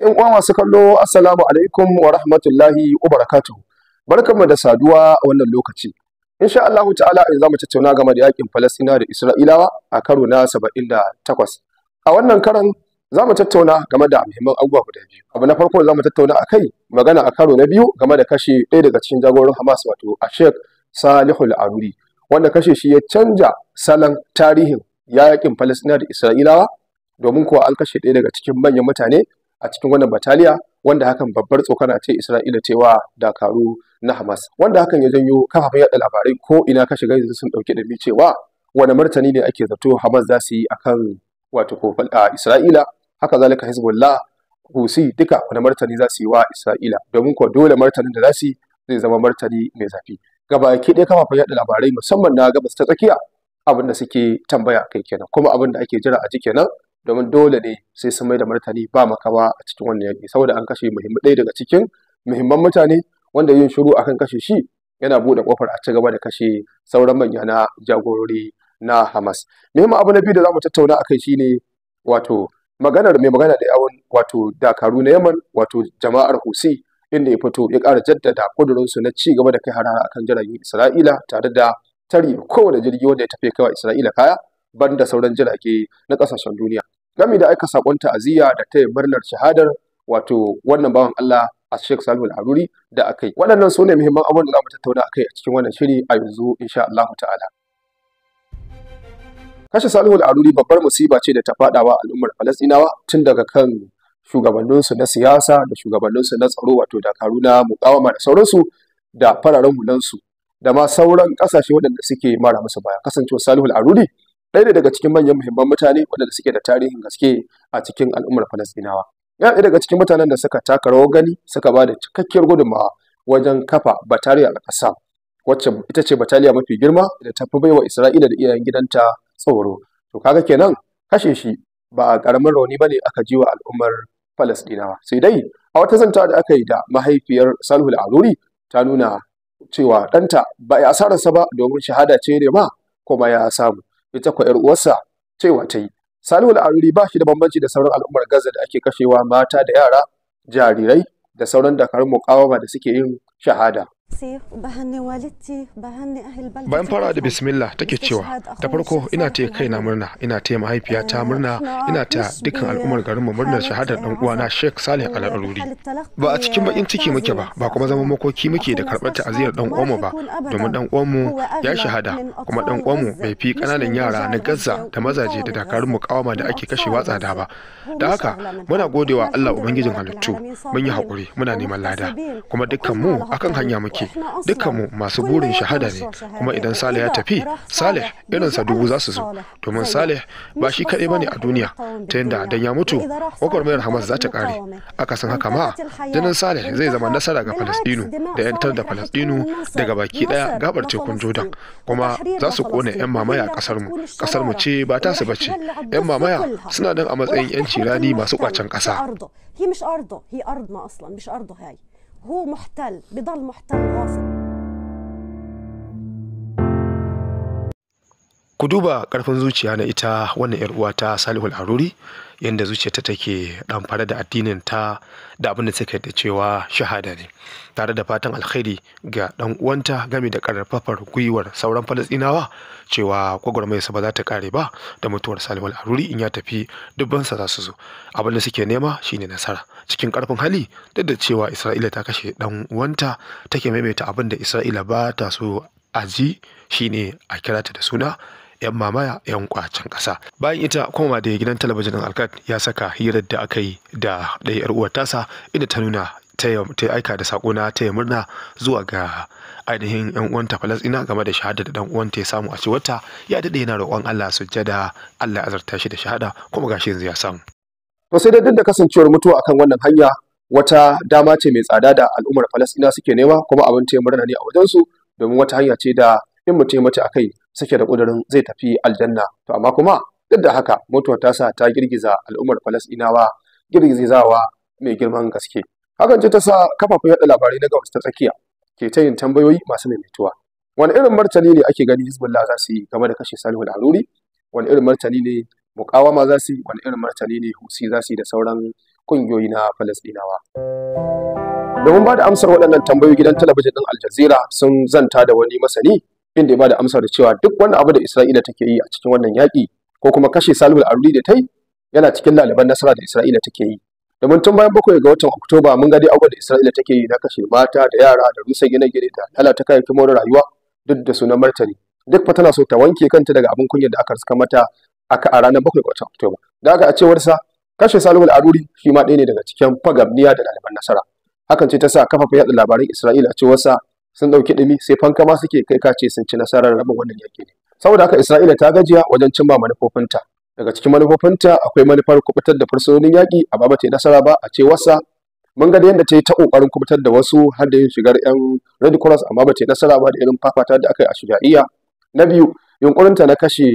In uwa masu kallo assalamu alaikum wa rahmatullahi wa barakatuh. Barkanmu da saduwa a wannan lokaci. Insha Allah ta'ala in zamu tattauna game da yakin Falastina da Isra'ilawa a karo na 78. A wannan karan zamu tattauna game da muhimman abubuwa guda biyu. Abu na farko zamu tattauna akai magana a karo na biyu game da kashe ɗaya daga cikin jagoran Hamas wato Sheikh Salihul Aruri wanda kashe shi ya canja salon tarihin yakin Falastina da Isra'ilawa domin kuwa an kashe ɗaya daga cikin manyan mutane a cikin wannan bataliya wanda hakan babbar tsokana ce Isra'ila wa dakaru na Hamas wanda hakan ya janyo kafafen yaɗa labarai ko ina ka shiga yanzu sun dauke da mi cewa wani martani ne ake zato Hamas za su yi akan wato ko a Isra'ila haka zalika Hezbollah Husi duka wani martani za su yi wa Isra'ila domin kuwa dole martanin da za su yi zai zama martani mai zafi Gaba ke ɗaya kafafen yaɗa labarai musamman na gabas ta tsakiya abin da suke tambaya kai kenan kuma abin da ake jira a ji kenan domin dole ne sai sun mai da martani ba makawa a cikin wannan yaƙi saboda an kashe muhimmi ɗaya daga cikin muhimman mutane wanda yin shiru akan kashe shi yana buɗe ƙofar a ci gaba da kashe sauran manya na jagorori na Hamas. Muhimmin abu na biyu da za mu tattauna akai ne, wato maganar mai magana da yawon wato dakaru na Yaman wato jama'ar Husi inda ya fito ya ƙara jaddada ƙudurinsu na ci gaba da kai harara akan jiragen Isra'ila tare da tare kowane jirgi wanda ya tafi wa Isra'ila kaya banda sauran jirage na ƙasashen duniya. gami da aika sakon ta'aziyya da ta murnar shahadar wato wannan bawan Allah a Sheikh Salman Haruri da akai waɗannan su ne muhimman abubuwan da za mu tattauna akai a cikin wannan shiri a yanzu insha Allah ta'ala kashe Salman Haruri babbar musiba ce da ta wa al'ummar Falastinawa tun daga kan shugabanninsu na siyasa da shugabanninsu na tsaro wato dakaru na mukawama da sauransu da fararen hulansu da ma sauran kasashe waɗanda suke mara musu baya kasancewa Salihul Aruri ɗaya daga cikin manyan muhimman mutane waɗanda suke da tarihin gaske a cikin al'ummar Falasɗinawa. Ya ɗaya daga cikin mutanen da suka taka rawar gani suka ba da cikakkiyar gudunmawa wajen kafa Bataliya al ƙasa, wacce ita ce bataliya mafi girma da ta fi baiwa Isra'ila da iyayen gidanta tsoro. To kaga kenan kashe shi ba a ƙaramin rauni ba ne aka ji wa al'ummar Falasɗinawa. Sai dai a wata zanta da aka yi da mahaifiyar Salhu al ta nuna cewa ɗanta ba ya asararsa ba domin shahada ce ne ma kuma ya samu. ita kwa ‘yar uwarsa cewa ta yi. Salihu al'aruri ba shi da bambanci da sauran al'ummar Gaza da ake kashewa mata da yara, jarirai da sauran dakarun mukawama da suke yin shahada. bayan fara da bismillah take cewa ta farko ina taya kaina murna ina taya mahaifiyata murna ina ta dukkan al'ummar garinmu murnar shahadar dan uwana sheikh salih al'aruri ba a cikin bakin ciki muke ba ba kuma zaman makoki muke da karɓar ta'aziyar dan uwanmu ba domin dan uwanmu ya shahada kuma dan uwanmu bai fi kananan yara na gaza da mazaje da dakarun mu mukawama da ake kashewa tsada ba da haka muna godewa Allah ubangijin halittu mun yi haƙuri muna neman lada kuma dukkan mu akan hanya muke dukkan mu masu burin shahada ne kuma idan salih ya tafi salih irinsa dubu za su zo domin salih ba shi kaɗai ba ne a duniya ta yadda dan ya mutu gwagwarmayar hamas za ta ƙare akasin haka ma jinin salih zai zama nasara ga falastinu da yantar da falastinu daga baki ɗaya gabar tekun jordan kuma za su kone 'yan mamaya a ƙasarmu ƙasarmu ce ba ta su bace 'yan mamaya suna nan a matsayin 'yan cirani masu ƙwacen ƙasa هو محتل بضل محتل غاصب ku duba karfin zuciya na ita wannan yar uwa ta Salihul Haruri yanda zuciyarta take fara da addinin ta da abin da take da cewa shahada ne tare da fatan alkhairi ga dan uwanta game da karfafar gwiwar sauran Falastinawa cewa mai ba za ta kare ba da mutuwar Salihul Haruri in ya tafi dubbansa za su zo abin da suke nema shine nasara cikin karfin hali duk da cewa Isra'ila ta kashe dan uwanta take maimaita abin da Isra'ila ba ta so aji shine a kira da suna 'yan mamaya 'yan kwacen kasa bayan ita kuma da gidan talabijin alkat ya saka hirar da aka yi da ɗaya 'yar uwar tasa inda ta nuna ta aika da sako na taya murna zuwa ga ainihin yan uwanta falasɗina game da shahada da dan uwanta ya samu a cewarta ya dade yana roƙon Allah sujjada Allah ya azarta shi da shahada kuma gashi yanzu ya samu to sai dai duk kasancewar mutuwa akan wannan hanya wata dama ce mai tsada da al'ummar falasɗina suke nema kuma abin taya murna ne a wajensu domin wata hanya ce da in mutum mace akai suke da ƙudurin zai tafi aljanna to amma kuma duk da haka mutuwar ta sa ta girgiza al'ummar falasɗinawa girgizawa mai girman gaske hakan ce ta sa kafafen yaɗa labarai na gabas ta tsakiya ke ta yin tambayoyi masu maimaituwa wani irin martani ne ake gani hizbullah za su yi game da kashe salihu al-haruri wani irin martani ne mukawama za su yi wani irin martani ne husi za su yi da sauran ƙungiyoyi na falasɗinawa domin ba da amsar waɗannan tambayoyi gidan talabijin ɗin aljazira sun zanta da wani masani inda ya bada amsar cewa duk wani abu da Isra'ila take yi a cikin wannan yaƙi ko kuma kashe Salihul aruri da tai yana cikin laliban nasara da Isra'ila take yi domin tun bayan bakwai ga watan Oktoba mun ga dai abubuwan da Isra'ila take yi na kashe mata da yara da rusa gine-gine da lalata kayayyakin more rayuwa duk da sunan martani duk fa tana so ta wanke kanta daga abin kunyar da aka saka mata aka a ranar bakwai ga watan Oktoba da haka a cewar sa kashe Salihul aruri shi ma ɗaya ne daga cikin fagabniya da laliban nasara hakan ce ta sa kafafen yaɗa labaran Isra'ila a cewar sa sun ɗauki ɗumi sai fanka ma suke kai ka ce sun ci nasarar rabin wannan yaƙi ne saboda haka isra'ila ta gajiya wajen cimma manufofinta daga cikin manufofinta akwai manufar kubutar da fursunonin yaƙi a ba ta nasara ba a ce wasa mun ga yadda ta yi ta kokarin kubutar da wasu har da yin shigar yan red cross amma ba ta nasara ba da irin fafata da aka yi a shujaiya na biyu yunƙurinta na kashe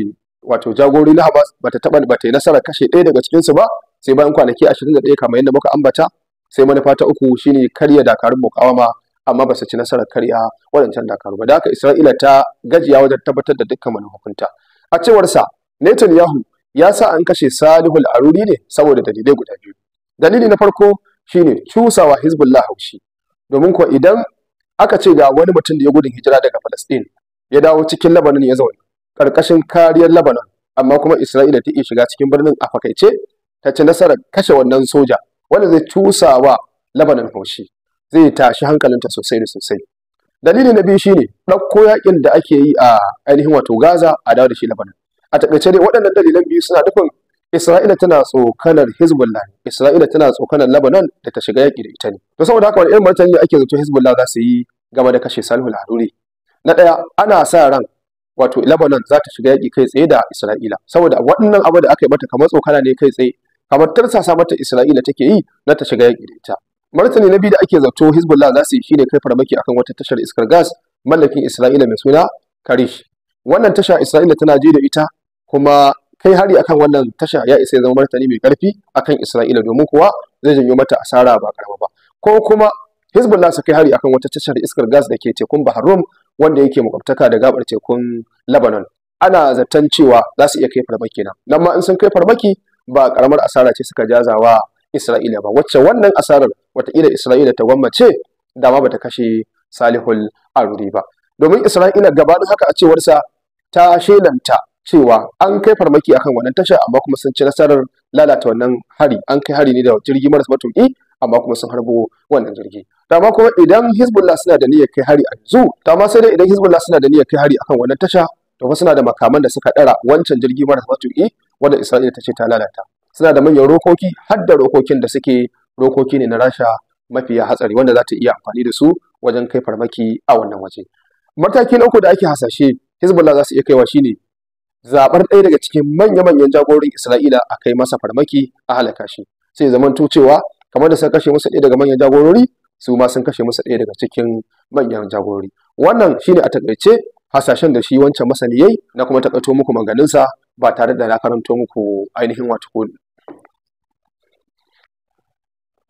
wato jagori na habas ba ta taɓa ba ta yi nasara kashe ɗaya daga su ba sai bayan kwanaki ashirin da ɗaya kamar yadda muka ambata sai manufa ta uku shine karya dakarun mukawama amma ba su ci nasarar karya waɗancan dakaru ba da haka isra'ila ta gajiya wajen tabbatar da dukkan manufofinta a cewarsa netanyahu ya sa an kashe salihul aruri ne saboda dalilai guda biyu dalili na farko shine cusawa hizbullah haushi domin kuwa idan aka ce ga wani mutum da ya gudun hijira daga Falasɗin, ya dawo cikin Lebanon ya zauna ƙarƙashin kariyar Lebanon amma kuma Isra'ila ta iya shiga cikin birnin a fakaice ta ci nasarar kashe wannan soja wanda zai cusawa Lebanon haushi zai tashi hankalinta sosai da sosai dalili na biyu shine ɗauko yakin da ake yi a ainihin wato Gaza a dawo da shi Lebanon a taƙaice dai waɗannan dalilan biyu suna nufin Isra'ila tana tsokanar Hezbollah Isra'ila tana tsokanar Lebanon da ta shiga yaƙi da ita ne to saboda haka wani irin martani ake zato Hezbollah za su yi game da kashe salihu Haruri na ɗaya ana sa ran wato Lebanon za ta shiga yaƙi kai tsaye da Isra'ila saboda waɗannan abu da aka yi mata kamar tsokana ne kai tsaye kamar tarsasa mata Isra'ila take yi na ta shiga yaƙi da ita martani na biyu da ake zato hezbollah za su yi shine kai farmaki akan wata tashar iskar gas mallakin isra'ila mai suna karish wannan tasha isra'ila tana je da ita kuma kai hari akan wannan tasha ya isa ya zama martani mai karfi akan isra'ila domin kuwa zai janyo mata asara ba karama ba ko kuma hezbollah su kai hari akan wata tashar iskar gas da ke tekun bahar rum wanda yake makwabtaka da gabar tekun lebanon ana zaton cewa za su iya kai farmaki nan nan ma in sun kai farmaki ba karamar asara ce suka jazawa Isra'ila ba wacce wannan asarar wataƙila Isra'ila ta gwammace da ba ta kashe Salihul Aruri ba domin Isra'ila gabanin haka a cewarsa ta shelanta cewa an kai farmaki akan wannan tasha amma kuma sun ci nasarar lalata wannan hari an kai hari ne da jirgi maras matuƙi amma kuma sun harbo wannan jirgi dama kuma idan Hezbollah suna da niyyar kai hari a yanzu dama sai dai idan Hezbollah suna da niyyar kai hari akan wannan tasha to fa suna da makaman da suka ɗara wancan jirgi maras matuƙi wanda Isra'ila ta ce ta lalata suna da manyan rokoki har da rokokin da suke rokoki ne na rasha mafi hatsari wanda za ta iya amfani da su wajen kai farmaki a wannan waje mataki na uku da ake hasashe hezbollah za su iya kaiwa ne zaɓar ɗaya daga cikin manya-manyan jagororin isra'ila a kai masa farmaki a halaka shi sai zaman cewa kamar da sun kashe musu ɗaya daga manyan jagorori su ma sun kashe masa ɗaya daga cikin manyan jagorori wannan shine a takaice hasashen da shi wancan masani yayi na kuma takaito muku maganinsa ba tare da na karanto muku ainihin wato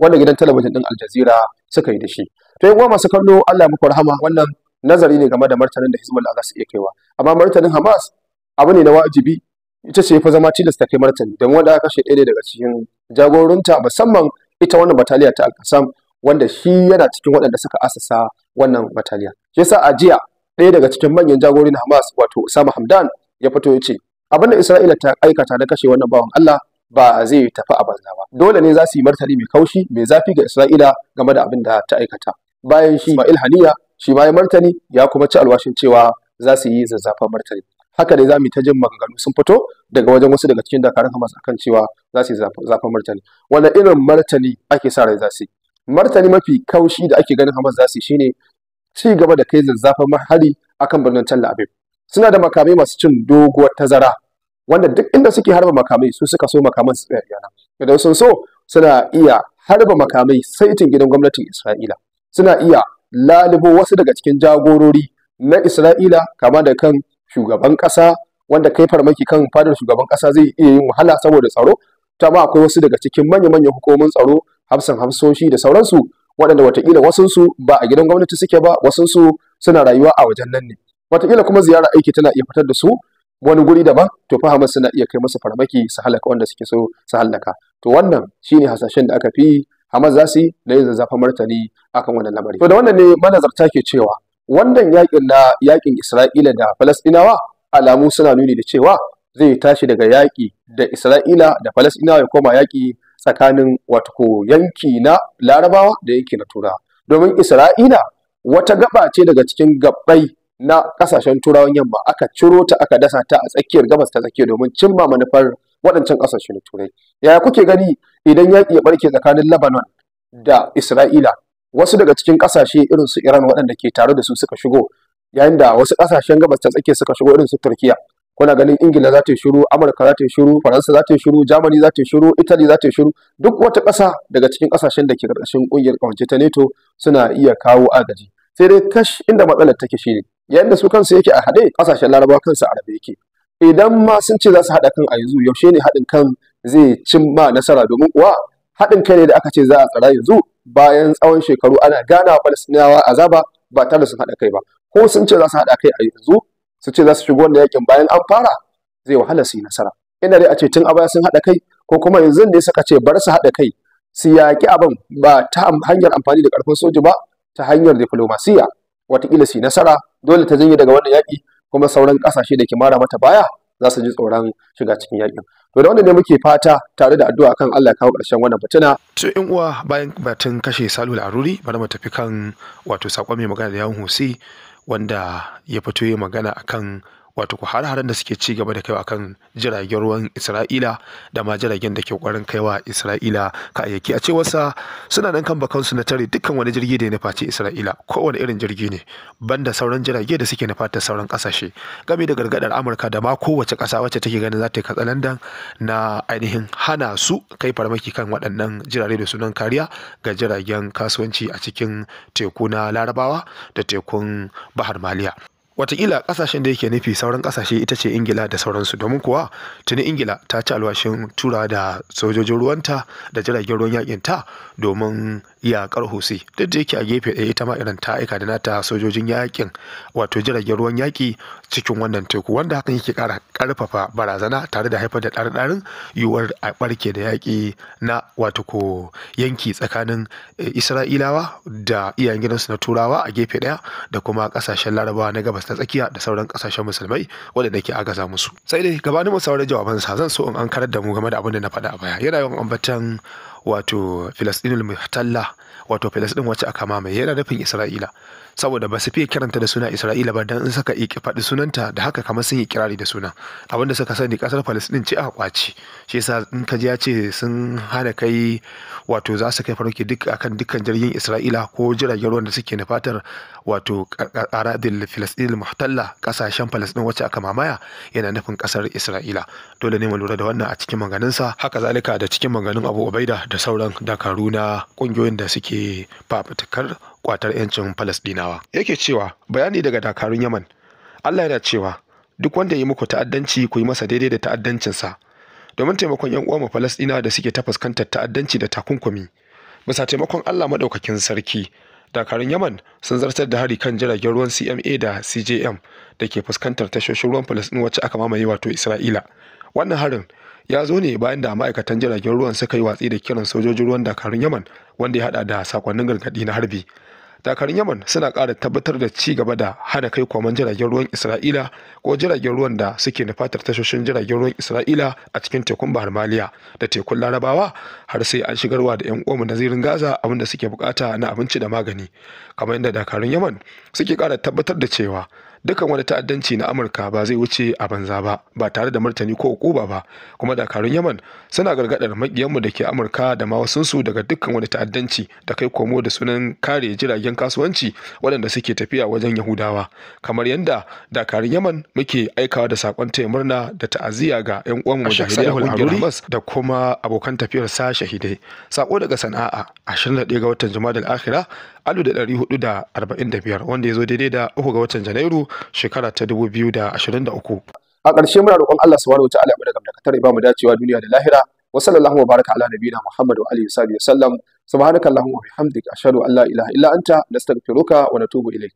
wannan gidan talabijin din Aljazeera suka yi da shi to yan uwa masu kallo Allah ya muku rahama wannan nazari ne game da martanin da Hizbullah Allah su iya kaiwa amma martanin Hamas abu ne na wajibi ita ce fa zama tilasta kai martani don wanda aka kashe ɗaya daga cikin jagorunta musamman ita wannan bataliya ta Al-Qassam wanda shi yana cikin waɗanda suka asasa wannan bataliya shi yasa a jiya ɗaya daga cikin manyan jagorin Hamas wato Osama Hamdan ya fito ya ce abinda Isra'ila ta aikata na kashe wannan bawan Allah ba zai tafi a banza ba dole ne za su yi martani mai kaushi mai zafi ga Isra'ila game da abin da ta aikata bayan shi Ismail Haniya shi ma ya martani ya kuma ci alwashin cewa za su yi zazzafan martani haka dai za mu ta jin maganganu sun fito daga wajen wasu daga cikin dakarun Hamas akan cewa za su yi zafin martani wannan irin martani ake sa rai za su yi martani mafi kaushi da ake ganin Hamas za su yi shine ci gaba da kai zazzafan hari akan birnin Tel Aviv suna da makamai masu cin doguwar tazara wanda duk inda suke harba makamai su suka so makaman su tsaya yana idan sun so suna iya harba makamai saitin gidan gwamnatin Isra'ila suna iya lalubo wasu daga cikin jagorori na Isra'ila kama da kan shugaban ƙasa wanda kai farmaki kan fadar shugaban ƙasa zai iya yin wahala saboda tsaro ta ma akwai wasu daga cikin manya-manyan hukumomin tsaro hafsan hafsoshi da sauransu waɗanda watakila wasunsu ba a gidan gwamnati suke ba wasunsu suna rayuwa a wajen nan ne watakila kuma ziyara aiki tana iya fitar da su wani guri daban to hamas suna iya kai masa farmaki su halaka wanda suke so su halaka to wannan shine hasashen da aka fi Hamas za su yi da yin zazzafa martani akan wannan lamari to da wannan ne manazarta ke cewa wannan yakin na yakin Isra'ila da Falasɗinawa alamu suna nuni da cewa zai tashi daga yaƙi da Isra'ila da Falasɗinawa ya koma yaƙi tsakanin wato yanki na Larabawa da yanki na Turawa domin Isra'ila wata gaba ce daga cikin gabbai na kasashen turawan yamma aka ciro ta aka dasa ta a tsakiyar gabas ta tsakiya domin cimma manufar waɗancan ƙasashe na turai yaya kuke gani idan yaƙi ya barke tsakanin lebanon da isra'ila wasu daga cikin kasashe irin su iran waɗanda ke tare da su suka shigo yayin da wasu kasashen gabas ta tsakiya suka shigo irin su turkiya kuna ganin ingila za ta yi shiru amurka za ta yi shiru faransa za ta yi shiru Jamani za ta yi shiru italy za ta yi shiru duk wata ƙasa daga cikin ƙasashen da ke karkashin ƙungiyar ƙawance ta neto suna iya kawo agaji sai dai kash inda matsalar take ne yadda su kansu yake a haɗe ƙasashen larabawa kansu a rabe yake idan ma sun ce za su haɗa kan a yanzu yaushe ne haɗin kan zai ma nasara domin kuwa haɗin kai ne da aka ce za a tsara yanzu bayan tsawon shekaru ana gana wa falastinawa azaba ba tare da sun haɗa kai ba ko sun ce za su haɗa kai a yanzu su ce za su shigo wannan yakin bayan an fara zai wahala su yi nasara ina dai a ce tun a baya sun haɗa kai ko kuma yanzu ne suka ce bar su haɗa kai su yaƙi abin ba ta hanyar amfani da ƙarfin soji ba ta hanyar diflomasiya watakila su yi nasara dole ta janye daga wannan yaƙi kuma sauran ƙasashe da ke mara mata baya za su ji tsoron shiga cikin yaƙin to da wanda ne muke fata tare da addu'a kan Allah kawo ƙarshen wannan fitina to in uwa bayan batun kashe Salu Aruri bari mu tafi kan wato sakon mai magana da yawun Hosi wanda ya fito ya magana akan wato ku har-haren da suke ci gaba da kaiwa kan jiragen ruwan Isra'ila da ma jiragen da ke ƙoƙarin kaiwa Isra'ila ayyaki a cewarsa suna nan kan su na tare dukkan wani jirgi da ya nufa ce Isra'ila kowane irin jirgi ne banda sauran jirage da suke nufa ta sauran ƙasashe game da gargaɗar Amurka da ma kowace ƙasa wacce take ganin za ta yi katsalandan na ainihin hana su kai farmaki kan waɗannan jirage da sunan kariya ga jiragen kasuwanci a cikin teku na Larabawa da tekun Bahar Maliya. Wataƙila ƙasashen da yake nufi sauran ƙasashe ita ce ingila da sauransu domin kuwa tuni ingila ta ci alwashin tura da sojojin ruwanta da jiragen ruwan yakin ta domin yakar Hussi duk da yake a gefe ɗaya ita ma irin ta aika da nata sojojin yakin wato jiragen ruwan yaki cikin wannan teku wanda hakan yake kara karfafa barazana tare da haifar da ɗarin yiwuwar a ɓarke da yaki na wato ko yanki tsakanin eh, Isra'ilawa da iyayen gidansu na Turawa a gefe ɗaya da kuma ƙasashen Larabawa na gabas ta tsakiya da sauran ƙasashen musulmai waɗanda ke agaza musu. Sai dai gabanin mu sauran jawabansa zan so in an karar da mu game da abin da na faɗa a baya yana yawan ambatan wato filastinul muhtalla wato filastin wacce aka mamaye yana nufin isra'ila saboda ba su fiye kiranta da suna isra'ila ba dan in suka yi faɗi sunanta da haka kamar sun yi kirari da suna abinda suka sani kasar filastin ce aka kwaci shi yasa in ka ji ya ce sun hana kai wato za su kai farauki duk akan dukkan jirgin isra'ila ko jiragen ruwan da suke na fatar wato aradil filastinul muhtalla kasashen filastin wacce aka mamaya yana nufin kasar isra'ila dole ne mu lura da wannan a cikin sa haka zalika da cikin maganin abu ubaida da sauran dakaru na ƙungiyoyin da suke fafutukar kwatar 'yancin falasɗinawa yake cewa bayani daga dakarun yaman allah yana cewa duk wanda ya yi muku ta'addanci ku yi masa daidai da ta'addancinsa domin taimakon 'yan uwanmu falasdina da suke ta fuskantar ta'addanci da takunkumi bisa taimakon allah maɗaukakin sarki dakarun yaman sun zartar da hari kan jiragen ruwan cma da cjm da ke fuskantar tashoshin ruwan falasɗin wacce aka mamaye wato isra'ila wannan harin ya zo ne bayan da ma'aikatan jiragen ruwan suka yi watsi da kiran sojojin ruwan dakarun yaman wanda ya hada da sakonnin gargadi na harbi dakarun yaman suna kara tabbatar da ci gaba da hana kai kwaman jiragen ruwan isra'ila ko jiragen ruwan da suke nufatar tashoshin jiragen ruwan isra'ila a cikin tekun bahar maliya da tekun larabawa har sai an shigarwa da yan uwan nazirin gaza abin da suke bukata na abinci da magani kamar yadda dakarun yaman suke kara tabbatar da cewa dukkan wani ta'addanci na amurka ba zai wuce a banza ba ba tare da martani ko hukuma ba kuma dakarun yaman suna gargadar makiyanmu da ke amurka da ma wasunsu daga dukkan wani ta'addanci da kai komo da sunan kare jiragen kasuwanci waɗanda suke tafiya wajen yahudawa kamar yadda dakarun yaman muke aikawa da saƙon taya murna da ta'aziyya ga yan uwan mu da da kuma abokan tafiyar sa shahidai sako daga sana'a 21 ga watan jumadal akhira 1445 wanda ya zo daidai da 3 ga watan janairu shekara ta 2023 a ƙarshe muna roƙon Allah subhanahu wa ta'ala da gamdakatar ya bamu dacewa duniya da lahira wa sallallahu wa baraka ala nabiyina Muhammad wa alihi wa sallam subhanakallahumma wa bihamdika ashhadu an la ilaha illa anta nastaghfiruka wa natubu ilayk